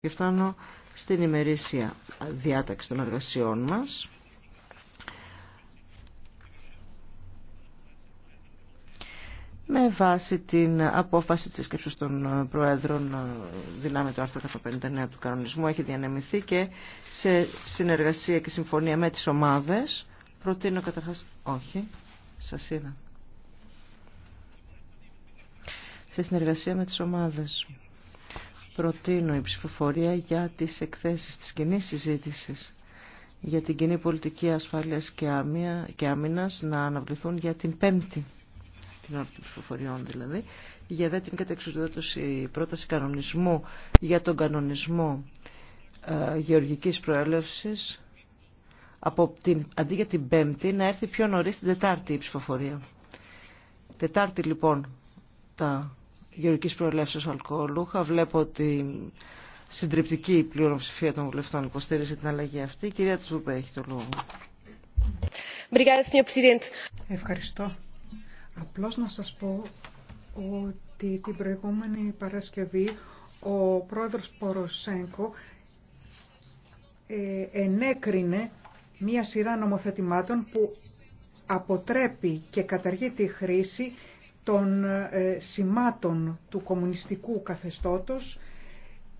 Και φτάνω στην ημερήσια διάταξη των εργασιών μας. Με βάση την απόφαση της σκέψης των Προέδρων δυνάμει του άρθρο 159 του κανονισμού έχει διανεμηθεί και σε συνεργασία και συμφωνία με τις ομάδες προτείνω καταρχάς... Όχι, σας είδα. Σε συνεργασία με τις ομάδες προτείνω η ψηφοφορία για τις εκθέσεις της κοινή συζήτηση για την κοινή πολιτική ασφάλειας και, άμυνα, και άμυνας να αναβληθούν για την πέμπτη την ώρα των ψηφοφοριών δηλαδή για δε την κατεξοδότηση πρόταση κανονισμού για τον κανονισμό ε, γεωργικής προέλευσης από την, αντί για την πέμπτη να έρθει πιο νωρίς την τετάρτη η ψηφοφορία. Τετάρτη λοιπόν τα γεωργικής προελεύσεως αλκοολούχα. Βλέπω ότι συντριπτική πλειοψηφία των βουλευτών υποστήριζε την αλλαγή αυτή. Η κυρία Τσούπε έχει το λόγο. Ευχαριστώ. Απλώς να σας πω ότι την προηγούμενη Παρασκευή ο πρόεδρος Ποροσέγκο ε, ενέκρινε μία σειρά νομοθετημάτων που αποτρέπει και καταργεί τη χρήση των ε, σημάτων του κομμουνιστικού καθεστώτος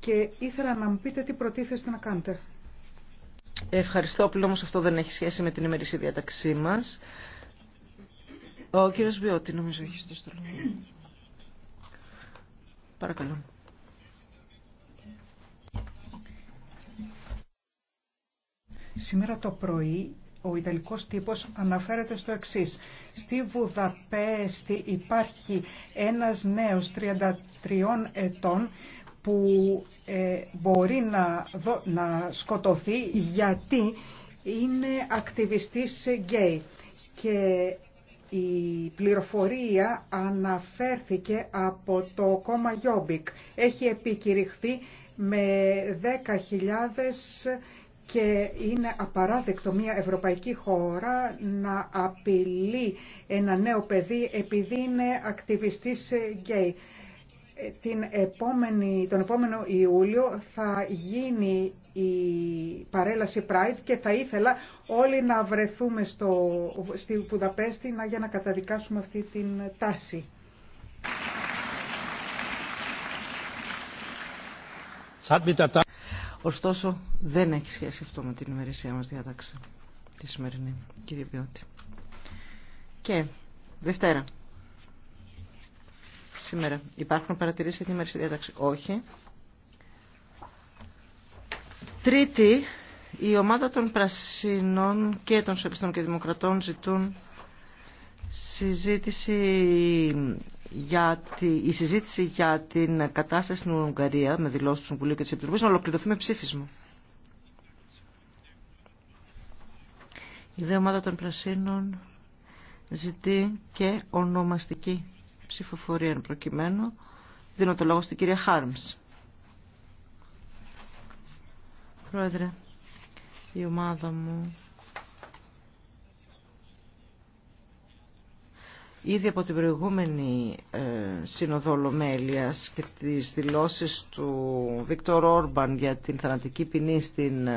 και ήθελα να μου πείτε τι προτίθεστε να κάνετε. Ευχαριστώ, πλέον όμως αυτό δεν έχει σχέση με την ημερήσια διαταξή μας. Ο κύριος Βιώτη νομίζω έχει στο στολό. Παρακαλώ. Σήμερα το πρωί ο Ιταλικός τύπος αναφέρεται στο εξής. Στη Βουδαπέστη υπάρχει ένας νέος 33 ετών που ε, μπορεί να, να σκοτωθεί γιατί είναι ακτιβιστής γκέι και η πληροφορία αναφέρθηκε από το κόμμα Γιόμπικ. Έχει επικηρυχθεί με 10.000 και είναι απαράδεκτο μια ευρωπαϊκή χώρα να απειλεί ένα νέο παιδί επειδή είναι ακτιβιστής γκέι. Την επόμενη, τον επόμενο Ιούλιο θα γίνει η παρέλαση Pride και θα ήθελα όλοι να βρεθούμε στο, στη Βουδαπέστη για να καταδικάσουμε αυτή την τάση. Ωστόσο, δεν έχει σχέση αυτό με την ημερησία μας διάταξη τη σημερινή, κύριε Ποιώτη. Και Δευτέρα. Σήμερα υπάρχουν παρατηρήσεις για την ημερησία διάταξη. Όχι. Τρίτη, η ομάδα των Πρασινών και των Σοσιαλιστών και Δημοκρατών ζητούν Συζήτηση για Η συζήτηση για την κατάσταση στην Ουγγαρία με δηλώσει του Συμβουλίου και τη Επιτροπή να ολοκληρωθεί με ψήφισμα. Η δε ομάδα των Πρασίνων ζητεί και ονομαστική ψηφοφορία εν προκειμένου. Δίνω το λόγο στην κυρία Χάρμς. Πρόεδρε, η ομάδα μου Ήδη από την προηγούμενη ε, και τις δηλώσεις του Βίκτορ Όρμπαν για την θανατική ποινή στην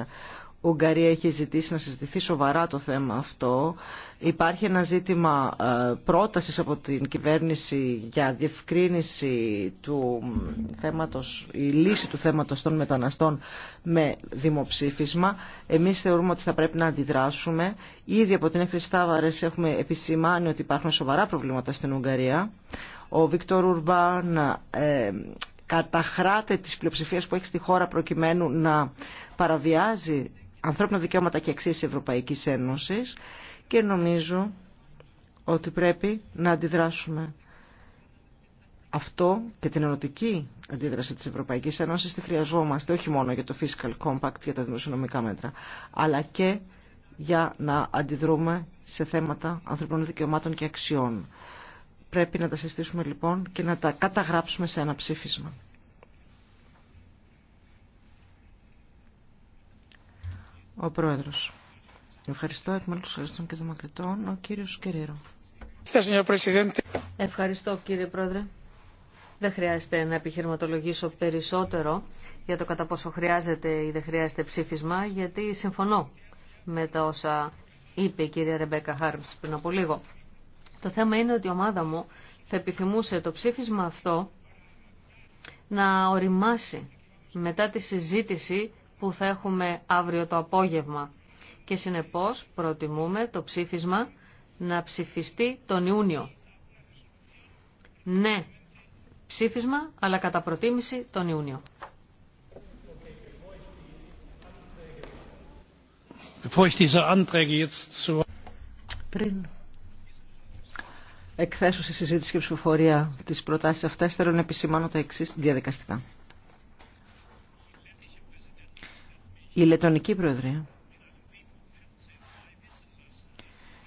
Ουγγαρία έχει ζητήσει να συζητηθεί σοβαρά το θέμα αυτό. Υπάρχει ένα ζήτημα ε, πρότασης από την κυβέρνηση για διευκρίνηση του θέματος, η λύση του θέματος των μεταναστών με δημοψήφισμα. Εμείς θεωρούμε ότι θα πρέπει να αντιδράσουμε. Ήδη από την έκθεση Τάβαρες έχουμε επισημάνει ότι υπάρχουν σοβαρά προβλήματα στην Ουγγαρία. Ο Βίκτορ Ουρμπάν ε, καταχράται τις πλειοψηφίες που έχει στη χώρα προκειμένου να παραβιάζει ανθρώπινα δικαιώματα και αξίες Ευρωπαϊκής Ένωσης και νομίζω ότι πρέπει να αντιδράσουμε αυτό και την ερωτική αντίδραση της Ευρωπαϊκής Ένωσης τη χρειαζόμαστε όχι μόνο για το Fiscal Compact, για τα δημοσιονομικά μέτρα, αλλά και για να αντιδρούμε σε θέματα ανθρωπινών δικαιωμάτων και αξιών. Πρέπει να τα συστήσουμε λοιπόν και να τα καταγράψουμε σε ένα ψήφισμα. Ο Πρόεδρος. Ευχαριστώ εκ των και Δημοκρατών, ο κύριος Κερίρο. Ευχαριστώ κύριε Πρόεδρε. Δεν χρειάζεται να επιχειρηματολογήσω περισσότερο για το κατά πόσο χρειάζεται ή δεν χρειάζεται ψήφισμα, γιατί συμφωνώ με τα όσα είπε η κυρία Ρεμπέκα Χάρμς πριν από λίγο. Το θέμα είναι ότι η ομάδα μου θα επιθυμούσε το ψήφισμα αυτό να οριμάσει μετά τη συζήτηση που θα έχουμε αύριο το απόγευμα. Και συνεπώς προτιμούμε το ψήφισμα να ψηφιστεί τον Ιούνιο. Ναι, ψήφισμα, αλλά κατά προτίμηση τον Ιούνιο. Πριν εκθέσω στη συζήτηση και ψηφοφορία τις προτάσεις αυτές, θέλω να επισημάνω τα εξής διαδικαστικά. Η Λετωνική Προεδρία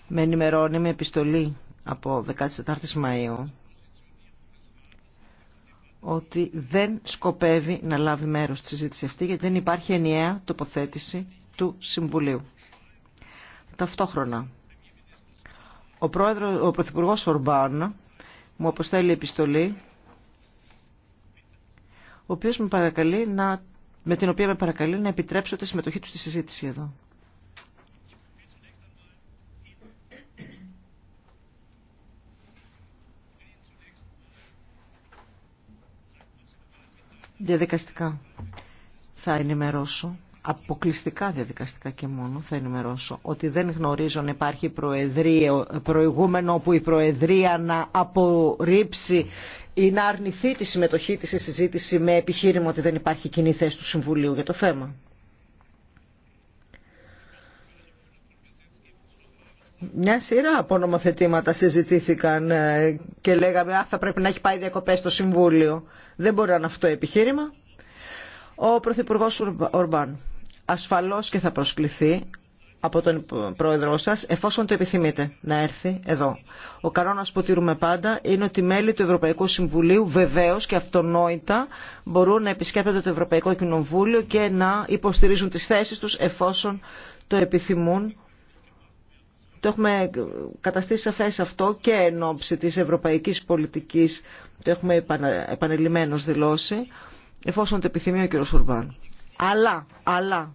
με ενημερώνει με επιστολή από 14 Μαΐου ότι δεν σκοπεύει να λάβει μέρος στη συζήτηση αυτή γιατί δεν υπάρχει ενιαία τοποθέτηση του Συμβουλίου. Ταυτόχρονα, ο, πρόεδρος, ο Πρωθυπουργός Ορμπάν μου αποστέλει επιστολή ο οποίος με παρακαλεί να με την οποία με παρακαλεί να επιτρέψω τη συμμετοχή του στη συζήτηση εδώ. Διαδικαστικά θα ενημερώσω αποκλειστικά διαδικαστικά και μόνο θα ενημερώσω ότι δεν γνωρίζω να υπάρχει προηγούμενο που η Προεδρία να απορρίψει ή να αρνηθεί τη συμμετοχή της σε συζήτηση με επιχείρημα ότι δεν υπάρχει κοινή θέση του Συμβουλίου για το θέμα. Μια σειρά από νομοθετήματα συζητήθηκαν ε, και λέγαμε «Α, θα πρέπει να έχει πάει διακοπές στο Συμβούλιο». Δεν μπορεί να είναι αυτό επιχείρημα. Ο Πρωθυπουργός Ορμπάν ασφαλώς και θα προσκληθεί από τον πρόεδρό σας, εφόσον το επιθυμείτε να έρθει εδώ. Ο κανόνας που τηρούμε πάντα είναι ότι μέλη του Ευρωπαϊκού Συμβουλίου βεβαίως και αυτονόητα μπορούν να επισκέπτονται το Ευρωπαϊκό Κοινοβούλιο και να υποστηρίζουν τις θέσεις τους εφόσον το επιθυμούν. Το έχουμε καταστήσει σαφές αυτό και εν ώψη της ευρωπαϊκής πολιτικής, το έχουμε επανελειμμένως δηλώσει, εφόσον το επιθυμεί ο κ. Σουρβάν. Αλλά, αλλά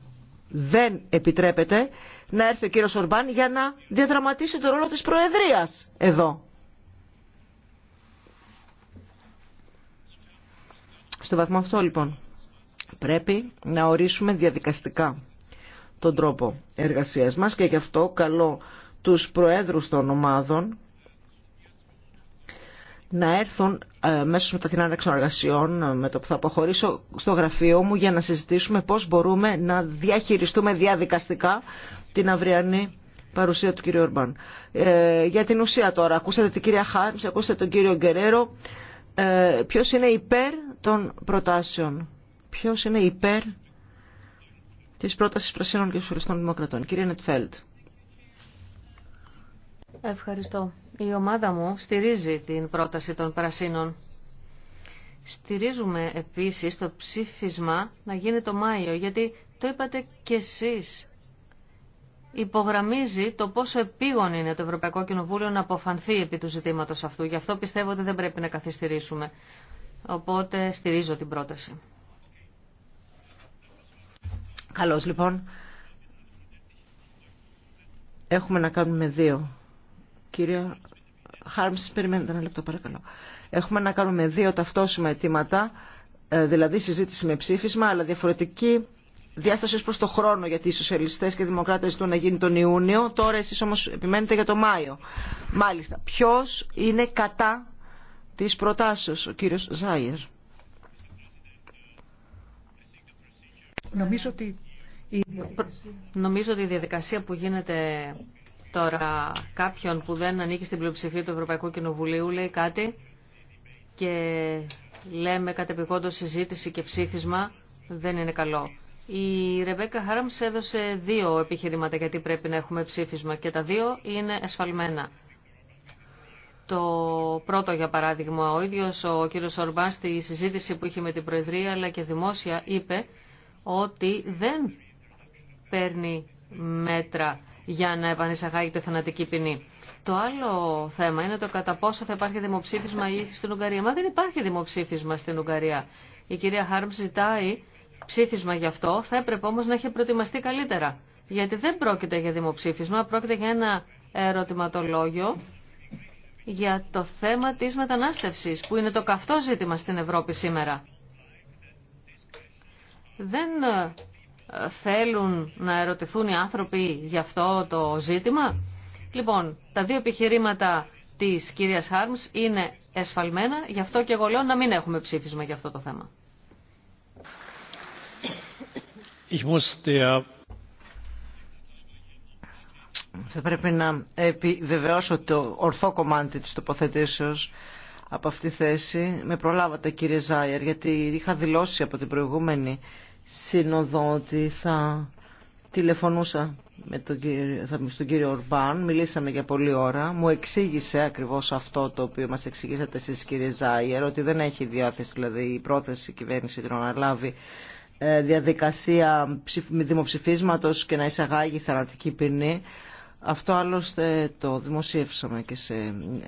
δεν επιτρέπεται να έρθει ο κύριος Ορμπάν για να διαδραματίσει το ρόλο της Προεδρίας εδώ. Στο βαθμό αυτό λοιπόν πρέπει να ορίσουμε διαδικαστικά τον τρόπο εργασίας μας και γι' αυτό καλώ τους προέδρους των ομάδων να έρθουν ε, μέσω με τα την εργασιών, ε, με το που θα αποχωρήσω, στο γραφείο μου για να συζητήσουμε πώς μπορούμε να διαχειριστούμε διαδικαστικά την αυριανή παρουσία του κύριου Ορμπάν. Ε, για την ουσία τώρα, ακούσατε την κυρία Χάρμς, ακούσατε τον κύριο Γκερέρο. Ε, ποιος είναι υπέρ των προτάσεων. Ποιος είναι υπέρ της πρότασης Πρασίνων και Σουριστών Δημοκρατών. Κύριε Νετφέλτ. Ευχαριστώ. Η ομάδα μου στηρίζει την πρόταση των Πρασίνων. Στηρίζουμε επίσης το ψήφισμα να γίνει το Μάιο, γιατί το είπατε κι εσείς. Υπογραμμίζει το πόσο επίγον είναι το Ευρωπαϊκό Κοινοβούλιο να αποφανθεί επί του ζητήματος αυτού. Γι' αυτό πιστεύω ότι δεν πρέπει να καθυστερήσουμε. Οπότε στηρίζω την πρόταση. Καλώς λοιπόν. Έχουμε να κάνουμε δύο Κυρία Χάρμς, περιμένετε ένα λεπτό παρακαλώ. Έχουμε να κάνουμε δύο ταυτόσιμα αιτήματα, ε, δηλαδή συζήτηση με ψήφισμα, αλλά διαφορετική διάσταση προς το χρόνο, γιατί οι σοσιαλιστές και οι δημοκράτες ζητούν να γίνει τον Ιούνιο, τώρα εσείς όμως επιμένετε για τον Μάιο. Μάλιστα, ποιος είναι κατά της προτάσεως, ο κύριος Ζάιερ. Νομίζω ότι Νομίζω ότι η διαδικασία που γίνεται τώρα κάποιον που δεν ανήκει στην πλειοψηφία του Ευρωπαϊκού Κοινοβουλίου λέει κάτι και λέμε κατεπηγόντως συζήτηση και ψήφισμα δεν είναι καλό. Η Ρεβέκα Χάραμς έδωσε δύο επιχειρήματα γιατί πρέπει να έχουμε ψήφισμα και τα δύο είναι εσφαλμένα. Το πρώτο, για παράδειγμα, ο ίδιος ο κύριος Ορμπάν στη συζήτηση που είχε με την Προεδρία αλλά και δημόσια είπε ότι δεν παίρνει μέτρα για να επανεισαγάγει τη θανατική ποινή. Το άλλο θέμα είναι το κατά πόσο θα υπάρχει δημοψήφισμα ή στην Ουγγαρία. Μα δεν υπάρχει δημοψήφισμα στην Ουγγαρία. Η κυρία Χάρμ ζητάει ψήφισμα γι' αυτό, θα έπρεπε όμω να έχει προετοιμαστεί καλύτερα. Γιατί δεν πρόκειται για δημοψήφισμα, πρόκειται για ένα ερωτηματολόγιο για το θέμα της μετανάστευσης, που είναι το καυτό ζήτημα στην Ευρώπη σήμερα. Δεν θέλουν να ερωτηθούν οι άνθρωποι για αυτό το ζήτημα. Λοιπόν, τα δύο επιχειρήματα της κυρίας Χάρμς είναι εσφαλμένα, γι' αυτό και εγώ λέω να μην έχουμε ψήφισμα για αυτό το θέμα. Ich muss Θα πρέπει να επιβεβαιώσω το ορθό κομμάτι της τοποθετήσεως από αυτή τη θέση. Με προλάβατε κύριε Ζάιερ, γιατί είχα δηλώσει από την προηγούμενη σύνοδο ότι θα τηλεφωνούσα με τον στον κύριο Ορμπάν, μιλήσαμε για πολλή ώρα, μου εξήγησε ακριβώς αυτό το οποίο μας εξηγήσατε εσείς κύριε Ζάιερ, ότι δεν έχει διάθεση, δηλαδή η πρόθεση η κυβέρνηση να λάβει ε, διαδικασία δημοψηφίσματος και να εισαγάγει θανατική ποινή. Αυτό άλλωστε το δημοσίευσαμε και σε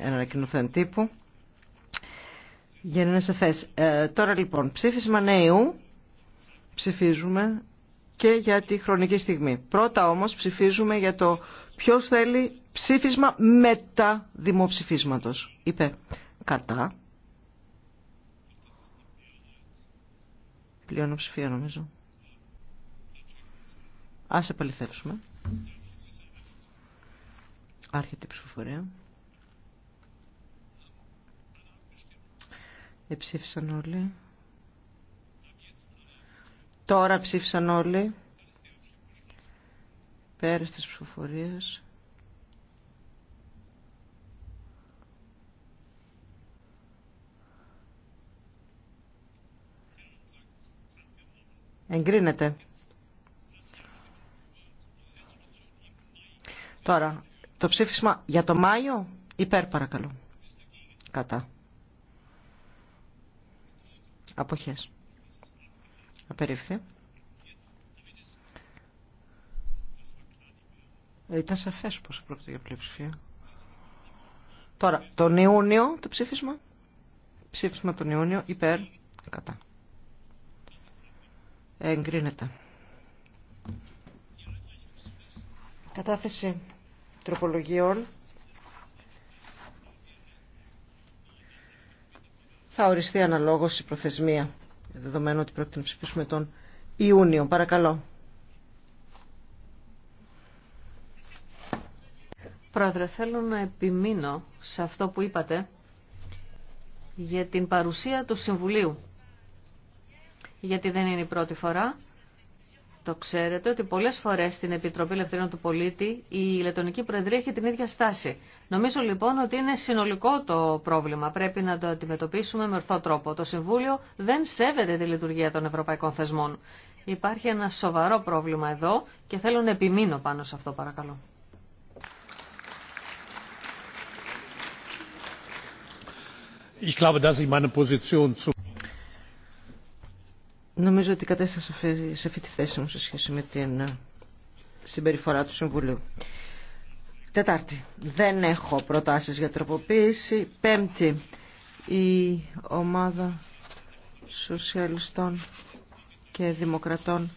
ένα ανακοινωθέν τύπου. Για να είναι ε, τώρα λοιπόν, ψήφισμα νέου ψηφίζουμε και για τη χρονική στιγμή. Πρώτα όμως ψηφίζουμε για το ποιος θέλει ψήφισμα μετά δημοψηφίσματος. Είπε κατά. Πλειονοψηφία νομίζω. Ας επαληθεύσουμε. Άρχεται η ψηφοφορία. Εψήφισαν όλοι. Τώρα ψήφισαν όλοι. Πέρα τις ψηφοφορίες. Εγκρίνεται. Τώρα, το ψήφισμα για το Μάιο, υπέρ παρακαλώ. Κατά. Αποχές. Απερίφθη. Ε, ήταν σαφέ πως πρόκειται για πλειοψηφία. Τώρα, τον Ιούνιο το ψήφισμα. Ψήφισμα τον Ιούνιο υπέρ κατά. Ε, εγκρίνεται. Κατάθεση τροπολογιών. Θα οριστεί αναλόγως η προθεσμία δεδομένου ότι πρέπει να ψηφίσουμε τον Ιούνιο. Παρακαλώ. Πρόεδρε, θέλω να επιμείνω σε αυτό που είπατε για την παρουσία του Συμβουλίου. Γιατί δεν είναι η πρώτη φορά το ξέρετε ότι πολλές φορές στην Επιτροπή Ελευθερίων του Πολίτη η Λετωνική Προεδρία έχει την ίδια στάση. Νομίζω λοιπόν ότι είναι συνολικό το πρόβλημα. Πρέπει να το αντιμετωπίσουμε με ορθό τρόπο. Το Συμβούλιο δεν σέβεται τη λειτουργία των ευρωπαϊκών θεσμών. Υπάρχει ένα σοβαρό πρόβλημα εδώ και θέλω να επιμείνω πάνω σε αυτό παρακαλώ. Ich glaube, dass ich meine Position zu Νομίζω ότι κατέστασα σε αυτή τη θέση μου σε σχέση με την ε, συμπεριφορά του Συμβουλίου. Τετάρτη. Δεν έχω προτάσεις για τροποποίηση. Πέμπτη. Η ομάδα σοσιαλιστών και δημοκρατών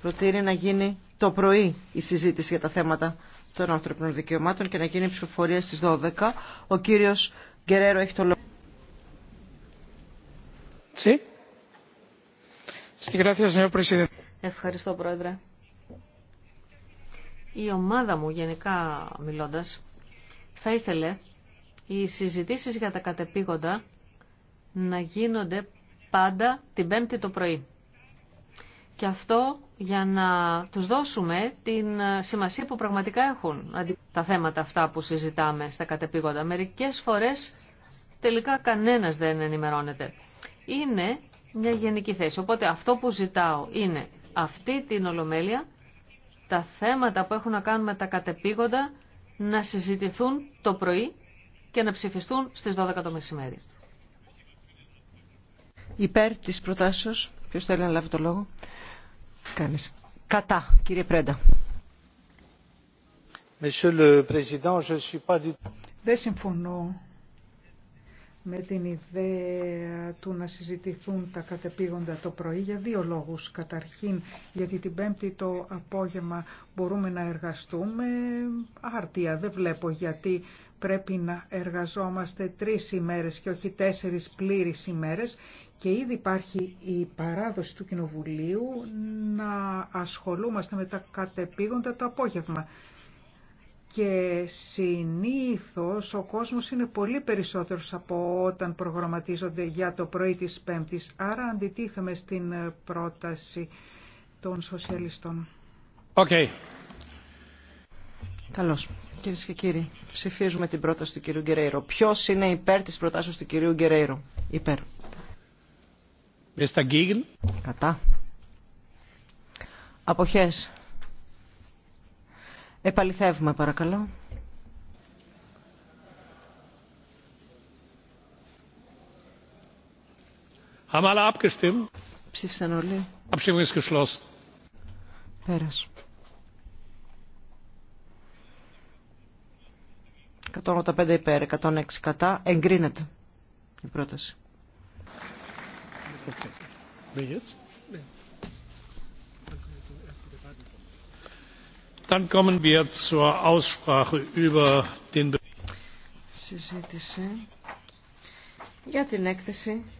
προτείνει να γίνει το πρωί η συζήτηση για τα θέματα των ανθρωπινών δικαιωμάτων και να γίνει ψηφοφορία στις 12. Ο κύριος Γκερέρο έχει το λόγο. Ευχαριστώ, Πρόεδρε. Η ομάδα μου, γενικά μιλώντας, θα ήθελε οι συζητήσεις για τα κατεπήγοντα να γίνονται πάντα την Πέμπτη το πρωί. Και αυτό για να τους δώσουμε την σημασία που πραγματικά έχουν τα θέματα αυτά που συζητάμε στα κατεπήγοντα. Μερικές φορές τελικά κανένας δεν ενημερώνεται. Είναι μια γενική θέση. Οπότε αυτό που ζητάω είναι αυτή την ολομέλεια, τα θέματα που έχουν να κάνουν με τα κατεπήγοντα να συζητηθούν το πρωί και να ψηφιστούν στις 12 το μεσημέρι. Υπέρ της προτάσεως, ποιος θέλει να λάβει το λόγο, κάνεις. Κατά, κύριε Πρέντα. Δεν συμφωνώ με την ιδέα του να συζητηθούν τα κατεπήγοντα το πρωί για δύο λόγους. Καταρχήν, γιατί την Πέμπτη το απόγευμα μπορούμε να εργαστούμε άρτια. Δεν βλέπω γιατί πρέπει να εργαζόμαστε τρεις ημέρες και όχι τέσσερις πλήρεις ημέρες και ήδη υπάρχει η παράδοση του Κοινοβουλίου να ασχολούμαστε με τα κατεπήγοντα το απόγευμα και συνήθως ο κόσμος είναι πολύ περισσότερος από όταν προγραμματίζονται για το πρωί της Πέμπτης. Άρα αντιτίθεμε στην πρόταση των σοσιαλιστών. Okay. Καλώς. Κυρίε και κύριοι, ψηφίζουμε την πρόταση του κυρίου Γκερέιρο. Ποιο είναι υπέρ της προτάσεως του κυρίου Γκερέιρο. Υπέρ. Κατά. Αποχές. Επαληθεύουμε παρακαλώ. Ψήφισαν όλοι. Πέρας. 185 υπέρ, 106 κατά. Εγκρίνεται η πρόταση. Okay. Dann kommen wir zur Aussprache über den Bericht για την έκθεση